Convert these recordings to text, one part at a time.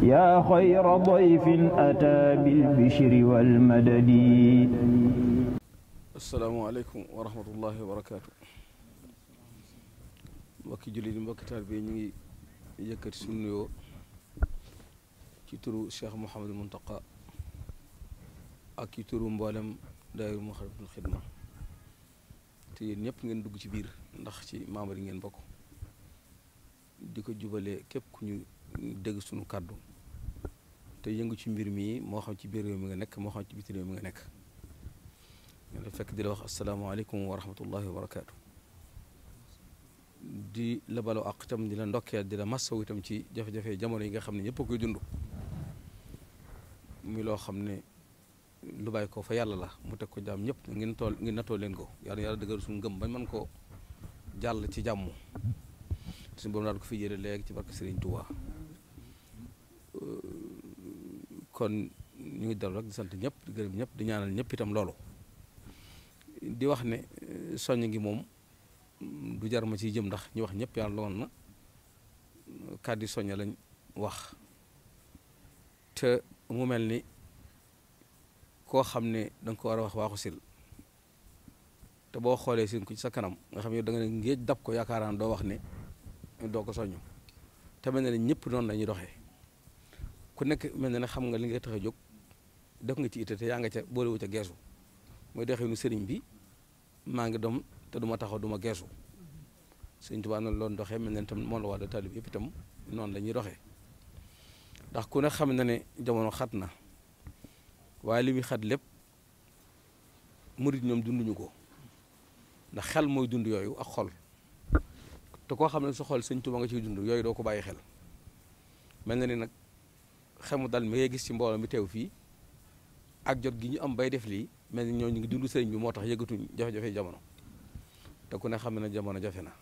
yaa xayra dayfin ataa bil bishri wal madadi. asalaamaaleykum wa rahmatullahi wa barakaatu. jullit yi mbokki taal bi ñu ngi yëkkati sunu nuyoo ci turu Cheikh Mouhamadul Muntaqa ak ci turu mboolem daayira Moukhaddamatoul Khidma te yéen ñëpp ngeen dugg ci biir ndax ci membre yi ngeen bokk di ko jubale képp ku ñu dégg sunu kàddu. te yëngu ci mbir mii moo xam ci biir mi nga nekk moo xam ci biti réew mi nga nekk nga la fekk di la wax asalaamaaleykum wa rahmatullahi wa di la baloo ak itam di la ndokkeel di la massaw itam ci jafe-jafe jamono yi nga xam ne ñëpp a koy dund muy loo xam ne lu bàyyi ko fa yàlla la mu teg ko jàmm ñépp ngeen tool natoo leen ko yàlla yàlla dëggal suñu ngëm ba man ko jàll ci jàmm suñu borom daal ko fi jëlee léegi ci barke Serigne Touba kon ñu ngi dal rek di sant ñëpp di gërëm ñëpp di ñaanal ñëpp itam loolu di wax ne eh, soññ ngi moom du jar ma ciy jëm ndax ñu wax ñëpp yàlla lool na kàddi soññ lañ wax mu mel ni koo xam ne da nga ko war a wax waaxu sil te boo xoolee sin ko sa kanam nga xam ne da nga ne ngéej dab ko yaakaaraan doo wax ne doo ko soññ te na ne ñëpp noonu la ñuy doxee ku nekk mel na ne xam nga li nga tax a jóg def nga ci itte te yaa nga ca boolewu ca geesu mooy doxinu sëriñ bi maa ngi doom te duma taxaw duma ma geesu sëriñ Tuubaa noonu loon mel na tam moom la waa da taalib noonu la ñuy ndax ku ne xam ne jamono xat na waaye li muy xat lépp murid ñoom dunduñu ko ndax xel mooy dund yooyu ak koo xam ne su xol sëriñ nga ciy dund yooyu doo ko bàyyi xel mel na ni nag xamu dal mi ngay gis ci mbooloo mi teew fii ak jot gi ñu am bay def lii mel ni ñoo ñu ngi dund sëriñ bi moo tax yëgatuñ jafe jamono te ku ne xam ne jamono jafe na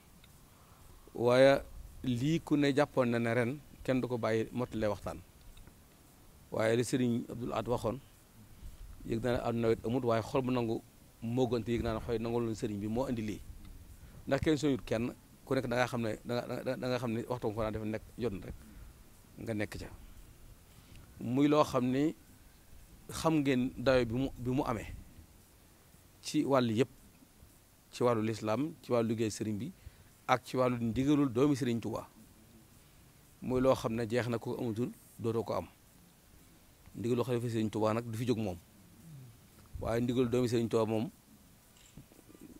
waaye lii ne jàppoon na ne ren kenn du ko bàyyi mottale waxtaan waaye li sëriñ Abdul Ahad waxoon yëg naa ne àdduna wet amut waaye xol bu nangu moo gënte yëg naa ne nangu loolu sëriñ bi moo indi lii ndax kenn soñut kenn ku nekk da xam ne da nga xam ne waxtu ko daan def nekk jot na rek nga nekk ca muy loo xam ni xam ngeen dayo bi mu bi mu amee ci wàll yépp ci wàllu lislaam ci wàllu liggéey sëriñ bi ak ci wàllu ndigalul doomi sëriñ Tuubaa muy loo xam ne jeex na ko amatul dootoo ko am ndigalu xalifa sëriñ Tuubaa nag du fi jóg moom waaye ndigalu doomi sëriñ Tuubaa moom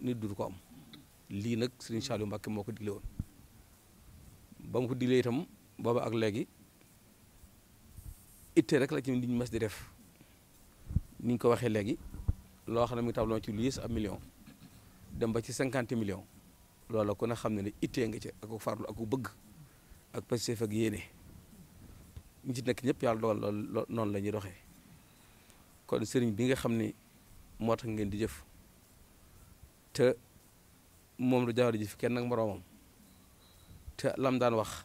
nit du ko am lii nag sëriñ Saliou Mbacke moo ko digle woon ba mu ko diglee itam booba ak léegi itte rek la ci nit ñi mas di def ni ko waxee léegi loo xam ne mu tablon ci lu yées million dem ba ci cinquante millions loola ku a xam ne ne ittee nga ci ak farlu ak bëgg ak pastéef ak yéene ñi ci nekk ñépp yàlla dogal lool noonu la ñuy doxee kon sëriñ bi nga xam ni moo tax ngeen di jëf te moom lu jaaw di jëf kenn ak moroomam te lam daan wax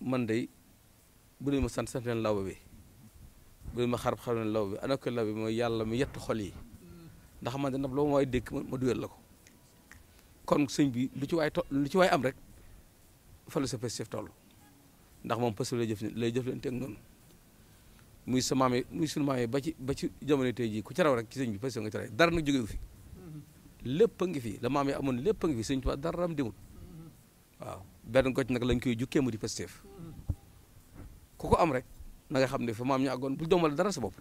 man day bu leen ma sant sant leen law bi bu leen ma xarab xarab leen law bi ana ko law bi mooy yàlla mu yett xol yi ndax man de ndax ma waay dékk ma duwel la kon sëñ bi lu ci waay to lu ci waay am rek fa la sa ndax moom positif lay jëf lay jëf leen teg noonu muy sa maam muy sunu maam yi ba ci ba ci jamono tey jii ku ci raw rek ci sëñ bi positif nga ci raw dara nag jógewu fi lépp a ngi fi la maam yi amoon lépp a ngi fi sëñ Tuubaa dara am demul mm-hmm. waaw benn goj nag lañ koy jukkee mu di positif mm-hmm. ku ko am rek na nga xam ne fa maam ñu àggoon bul doomal dara sa bopp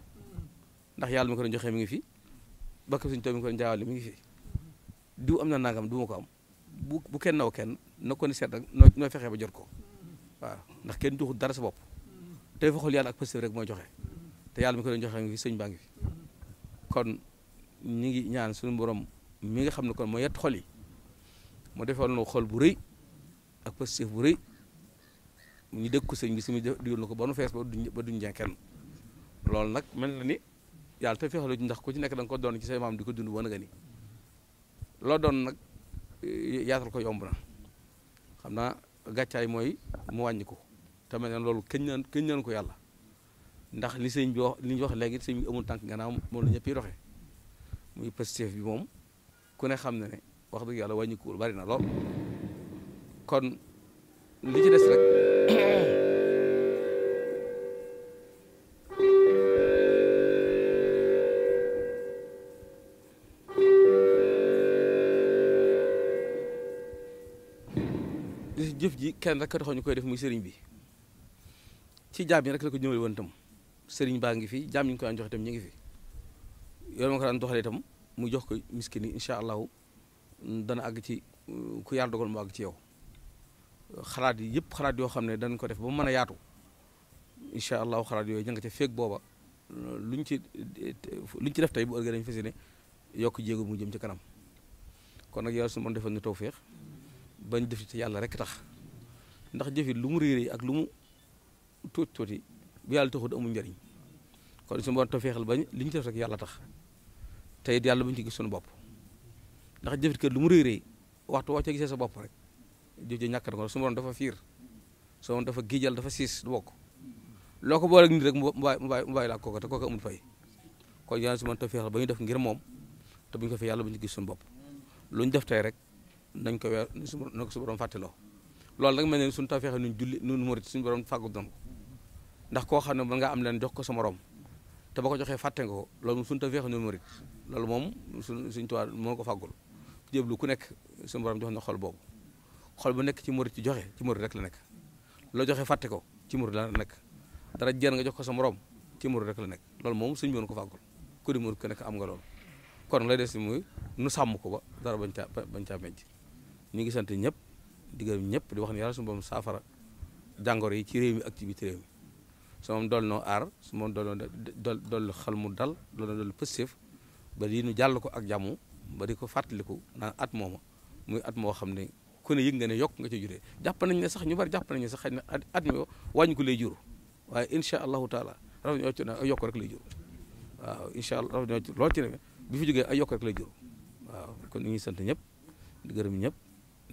ndax yàlla mu ko doon joxee ngi fi bakk suñu tool mi ko doon jaawaale mi ngi fi diw am na nangam du ma ko am bu bu kenn naw kenn na ko ni seet rek noo fexee ba jot ko waaw ndax kenn duxul dara sa bopp tey fa xool yàlla ak positif rek mooy joxe te yàlla mi ko doon joxee mi ngi fi sëñ baa ngi fi kon ñu ngi ñaan suñu borom mi nga xam ne kon mooy yett xol yi mu defal nu xol bu rëy ak positif bu rëy. ñu dégg ko sëñ bi suñu digal na ko ba nu fees ba duñ ba kenn loolu nag mel na ni yàlla te fexalu ci ndax ku ci nekk da nga ko doon ci say maam di ko dund wana ni loo doon nag e, yaatal ko yomb na xam naa gàccaay mooy mu wàññi ko te mel ne loolu këñ naan këñ naan ko yàlla ndax li sëñ bi wax li ñu wax léegi sëñ bi amul tànk gannaaw moom la ñëpp yi doxee muy positif bi moom ku ne xam ne wax dëgg yàlla wàññi ko bari na lool si jëf ji kenn rek taxoon ñu koy def muy sëriñ bi ci jaam yi rek la ko jëmale woon sëriñ baa ngi fi jaam ñu koy daan joxe itam ñu ngi fi yoon ma ko daan doxalee itam mu jox ko miskin yi allahu dana àgg ci ku yàlla dogal mu àgg ci yow xalaat yi yëpp xalaat yoo xam ne dañ ko def ba mu mën a yaatu incha allahu xalaat yooyu jënga ca feeg booba luñ ci luñ ci def tey bu ëllëgee dañu fas yéene yokk jéego mu jëm ci kanam kon nag yàlla suñu mën defal ñu tawféex bañ def ci yàlla rek tax ndax jëfi lu mu réeré ak lu mu tuuti yàlla taxut amul njariñ kon suñu mën tawféexal bañ li ñu ci yàlla tax tey it yàlla buñ ci gis suñu bopp ndax jëfit kër lu mu réeré waxtu woo ca gisee sa bopp rek jëf ji ñàkk su ma doon dafa soo dafa giijal dafa siis du bokk loo ko boole ak nit rek mu bàyyi mu bàyyi laa kooka te kooka amul fay su ta feexal ba def ngir moom te bu ko fee yàlla bu ñu gis suñu bopp lu def tey rek nañ ko weer na ko su borom fàttiloo loolu nag mel ne suñu tawfeex nuñ julli nuñ murit suñu borom fàggu doon ko ndax koo xam ne mën nga am leen jox ko sa morom te ba ko joxee fàtte nga ko loolu moom suñu tawfeex loolu moom suñ suñ tuwaa moo ko fàggul jéblu ku nekk suñu borom jox na xol boobu xol bu nekk ci murit ci joxe ci murit rek la nekk loo joxe fàtte ko ci murit la nekk dara jeer nga jox ko sa morom ci murit rek la nekk loolu moom suñ moon ko fàggul ku di murit ko nekk am nga loolu des muy nu sàmm ko ba dara bañ caa bañ caa mejj ñu ngi sant ñëpp di ñëpp di wax ne yàlla suñu saafara jàngoro yi ci réew mi ak ci biti moom dool noo aar su moom dool noo dool xel mu dal dool noo dool ba lii nu jàll ko ak jàmm ba di ko fàttaliku naan at mooma muy at moo xam ne kon ne yëg nga ne yokk nga ci juree jàpp nañ ne sax ñu bari jàpp nañ ne sax xëy na at mi wàññi ko lay jur waaye incha allahu taala raf yokk rek lay jur waaw incha allah fi jógee ay yokk rek kon ñu ngi sant ñëpp di gërëm ñëpp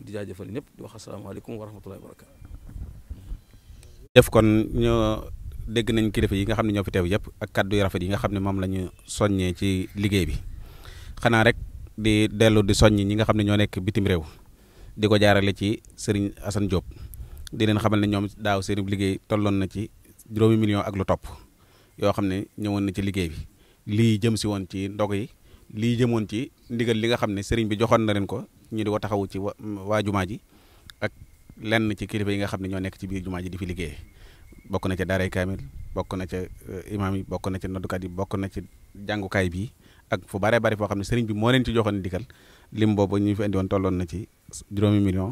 di jaajëfal ñëpp wax asalaamaaleykum wa rahmatullahi wa barakatu kon ñoo dégg nañ kilifa yi nga xam ne ñoo yëpp ak kàddu yu rafet yi nga xam ne moom la ñu soññee ci liggéey bi xanaa rek di dellu di soññ ñi nga xam ne ñoo nekk bitim réew di ko jaarale ci sëriñ Assane Diop di leen xamal na ñoom daaw seen liggéey tolloon na ci juróomi million ak lu topp yoo xam ne ñëwoon na ci liggéey bi lii jëm si woon ci ndog yi lii jëmoon ci ndigal li nga xam ne sëriñ bi joxoon na leen ko ñu di ko taxawu ci waa jumaa ji ak lenn ci kilifa yi nga xam ne ñoo nekk ci biir jumaa ji di fi liggéey bokk na ca daray kaamil bokk na ca eh, imaam yi bokk na ca noddukat yi bokk na ci jàngukaay bii ak fu bare bare foo xam ne sëriñ bi moo leen ci joxoon ndigal lim boobu ñu fi indi tolloon na ci juróomi million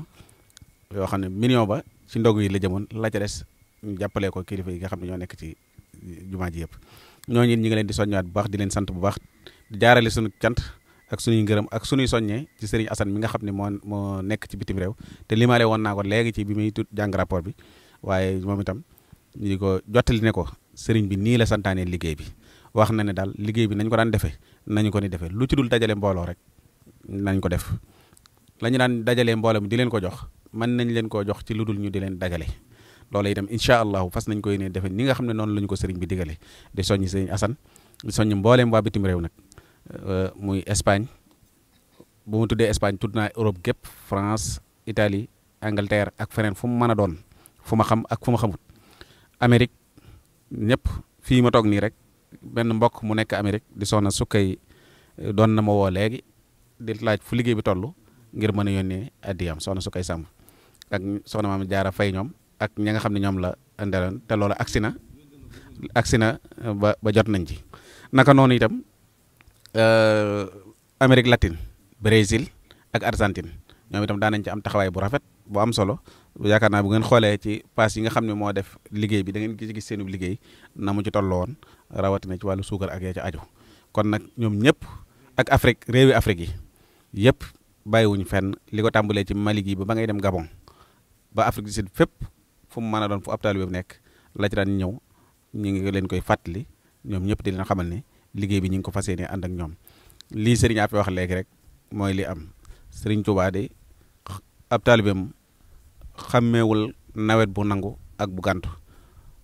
yoo xam ne million ba ci ndog yi la jëmoon la ca des ñu ko kilifa yi nga xam ne ñoo nekk ci jumaa ji yëpp ñoo it ñu ngi leen di soññaat bu baax di leen sant bu baax di jaarale suñu cant ak suñuy ngërëm ak suñuy soññee ci sëriñ Assane mi nga xam ne moo moo nekk ci bitim réew te limaale woon naa ko léegi ci bi muy tut jàng rapport bi waaye moom itam ñu ko jottali ne ko sëriñ bi nii la santaane liggéey bi wax na ne daal liggéey bi nañ ko daan defee nañu ko ni defee lu ci dul dajale mbooloo rek nañ ko def la ñu daan dajale mbooloo mi di leen ko jox man nañ leen koo jox ci lu dul ñu di leen dajale loola itam incha allahu fas nañ ko yéene defe ni nga xam ne noonu la ñu ko sëriñ bi digale di soññ sëriñ Assane di soññ mbooleem waa bitim réew nag euh, muy Espagne bu mu tuddee Espagne tudd naa Europe gépp France Italie Angleterre ak feneen fu mu mën a doon fu ma xam ak fu ma xamut Amérique ñëpp fii ma toog nii rek benn mbokk mu nekk Amérique di soxna sukkay euh, doon na ma léegi di laaj fu liggéey bi toll ngir mën a yónnee addiyam soxna su koy sàmm ak soxna maam jaara fay ñoom ak ñi nga xam ne ñoom la ndeloon te loolu agsi na agsi na uh, ba jot nañ ci naka noonu itam uh, Amérique latine Brésil ak Argentine ñoom itam daa nañ ci am taxawaay bu rafet boo am solo yaakaar naa bu ngeen xoolee ci paas yi nga xam ne moo def liggéey bi da ngeen gis seenu liggéey na mu ci tolloo woon rawatina ci wàllu suukar ak yaa ci aju kon nag ñoom ñëpp ak Afrique réewi Afrique yi yëpp bàyyiwuñ fenn li ko tàmbalee ci Mali gi ba ba ngay dem Gabon ba Afrique du Sud fépp fu mu mën a doon fu ab taalibe bi nekk la ci ñëw ñu ngi leen koy fàttali ñoom ñëpp di leen xamal ne liggéey bi ñu ngi ko fas yéenee ànd ak ñoom lii Serigne Affe wax léegi rek mooy li am Serigne Touba de ab taalibeem xàmmeewul nawet bu nangu ak bu gàntu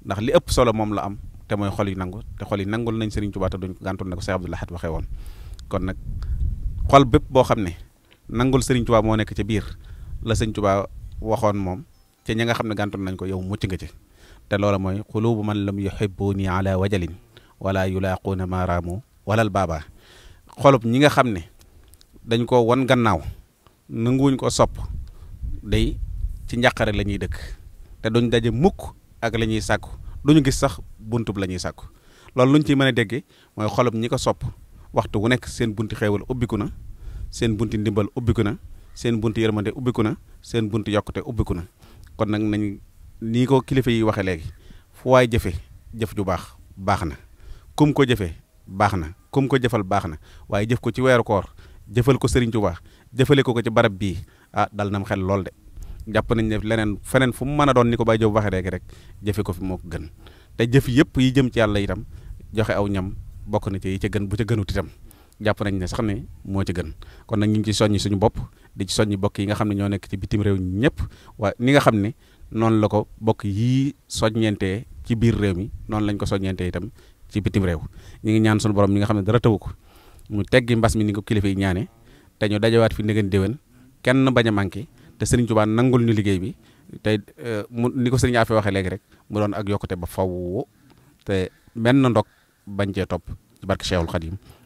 ndax li ëpp solo moom la am te mooy xol yi nangu te xol yi nangul nañ seriñ Touba te duñ ko gàntul na ko Cheikh Abdoul Ahad waxee woon kon nag xol bépp boo xam ne. nangul sëriñ Tuubaa moo nekk ci biir la sëriñ Tuubaa waxoon moom ci ñi nga xam ne gàntoon nañ ko yow mucc nga ci te loola mooy xulubu man lam yuhibbuni ala wajalin wala yulaaquuna maaraamu walal baaba xolub ñi nga xam ne dañ ko won gannaaw nanguwuñ ko sopp day ci njaqare la ñuy dëkk te duñ daje mukk ak la ñuy sàkku duñu gis sax buntub la ñuy sàkku loolu luñ ciy mën a déggee mooy xolub ñi ko sopp waxtu wu nekk seen bunti xeewal ubbiku na seen bunti ndimbal ubbiku na seen bunti yërmande ubbiku na seen bunti yokkute ubbiku na kon nag nañ nii ko kilifa yi waxee léegi fu waay jëfe jëf ju baax baax na kum ko jëfee baax na kum ko jëfal baax na waaye jëf ko ci weeru koor jëfal ko Serigne Touba jëfale ko ko ci barab bii ah dal na mu xel lool de jàpp nañ ne leneen feneen fu mu mën a doon ni ko Baye Diop waxee léegi rek jëfe ko fi moo ko gën te jëf yëpp yi jëm ci yàlla itam joxe aw ñam bokk na ci yi ca gën bu ca gënut itam jàpp nañ ne sax ne moo ci gën kon nag ñu ngi ci soññi suñu bopp di ci soññi bokk yi nga xam ne ñoo nekk ci bitim réew ñëpp waaye ni nga xam ne noonu la ko bokk yii soññeentee ci biir réew mi noonu lañ ko soññeentee itam ci bitim réew ñu ngi ñaan sunu borom mi nga xam ne dara tawu ko mu teggi mbas mi ni ko kilifa yi ñaane te ñu dajawaat fi ndegeen déwén kenn bañ a manqué te Serigne Touba nangul ñu liggéey bi tey e, mu ni ko Serigne Afia waxee léegi rek mu doon ak yokkute ba faw te benn ndog bañ cee topp ci barke Cheikhul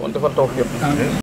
kon defal tawfiq